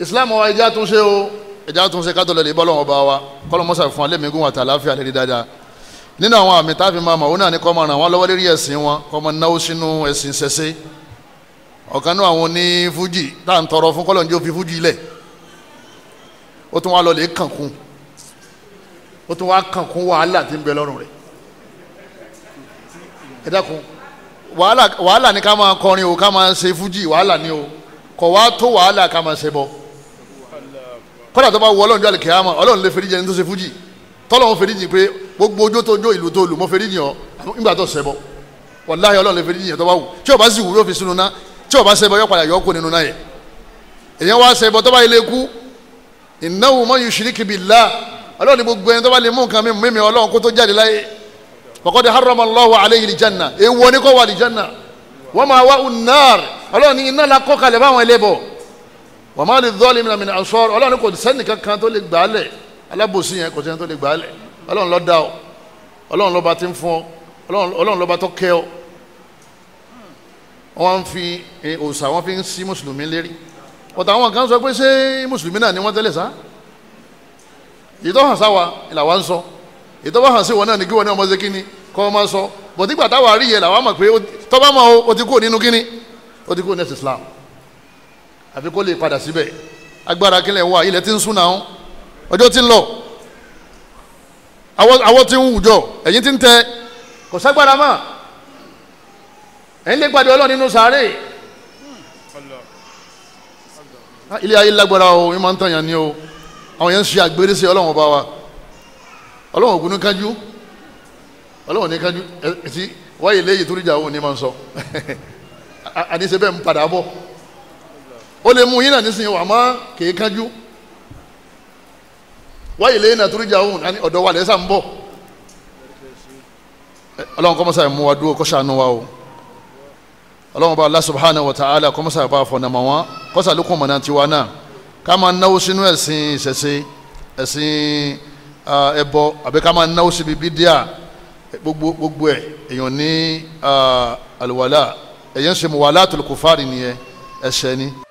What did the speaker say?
islam wa ẹja tún ṣe o ẹja tún ṣe kátó lọlẹ ìbọlọwọ bá wa kọlọmọsà fún alẹ mi gún wa tà láàfin alẹ ní dáadáa nínú àwọn àmì táàfin máa mọ òun náà ní kọ́ máa ràn wọ́n lọ́wọ́ lérí ẹ̀sìn wọn kọ́ máa náwó sínú ẹ̀sìn ṣẹṣẹ ọ̀kan náà àwọn ní fújì tá à ń tọrọ fún kọ́lọ̀ ní fújì lẹ̀ ó tún wá lọ lè kànkún ó tún wá kànkún wàhálà tí ń bẹ lọ́rùn rẹ̀ ẹ dákun wàhálà ni ká máa kọrin o ká máa ṣe fújì wàhálà ni o kọ̀ wá tó wàhálà ká máa ṣe bọ́ kọ́dà tó bá wọ ọlọ́run jọ àlùkìyámà ọlọ́run lè feríjì ẹni tó ṣe fújì tọ́lọ́run feríjì pé gbogbo ojó tó jó ìlú tó lù mọ́ feríjì ọ nígbà tó ṣẹbọ wàláhì ọlọ́run lè feríjì yẹn tó bá wù tí o bá sì wù ló fi sínú ná tí o bá ṣẹbọ yọ padà yọ kó nínú ná yẹ èyàn wá ṣẹbọ tó bá ilé kú innahu man yushrik billah ọlọ́run gbogbo ẹni tó bá lè mú ni kó wàmà lè dọ́ọ̀lì mi nàmìnà ansọ́ọ̀rọ̀ ọlọ́run kò sẹ́ni kankan tó lè gbà á lẹ̀ alábòsí yẹn kò sẹ́ni tó lè gbà á lẹ̀ ọlọ́run ló dá ọ ọlọ́run lọ́ba ti ń fún ọ ọlọ́run lọ́ba tó kẹ́ ọ wọ́n fi eh, òòsà wọ́n fi ń sí mùsùlùmí lérí ọ̀tà àwọn kan sọ pé ṣé mùsùlùmí náà ni wọ́n tẹ́lẹ̀ sá ìtọ́ hàn sáwa là wá ń sọ ìtọ́ bá hàn sí wọn náà àfi kó lè padà síbẹ̀ agbára kílẹ̀ wà ilẹ̀ tí ń sún náà ọjọ́ tí ń lọ àwọ̀ tí ń wùjọ ẹ̀yìn tí ń tẹ kò ságbára mọ́ ẹ̀yìn lè pàdé ọlọ́run nínú sàárè ilé ayé lágbára o yín máa ń tàn yàn ní o àwọn yẹn ń ṣe àgbèrè sí ọlọ́run ọba wa ọlọ́run ògùn ní kájú ọlọ́run ní kájú ẹ̀sì wáyé léyìí tó ìjà òun ní máa ń sọ àníṣe bẹ́ẹ̀ ń padà bọ̀ ó lè na yín náà nísìnyí wà má kèé kánjú wáyé lẹ́yìn náà turujà òun àní ọ̀dọ̀ wa lẹ́sà ń bọ̀ ọlọ́run kọ́mọ́sá yẹn mú wa dúró kọ́sà nù wa o ọlọ́run bá Allah subhanahu wa ta'ala kọ́mọ́sá yẹn bá fọ̀nà mọ́ wọn kọ́sà lókun mọ̀nà tiwa náà ká máa náwó sínú ẹ̀sìn ìṣẹ̀ṣe ẹ̀sìn ẹbọ àbí ká máa náwó síbi gbogbo gbogbo ẹ̀ èèyàn ní àlùwàlà èèyàn ṣe mùwàlà àtòlùkùfárì nìyẹn ẹ̀ṣẹ̀ ni.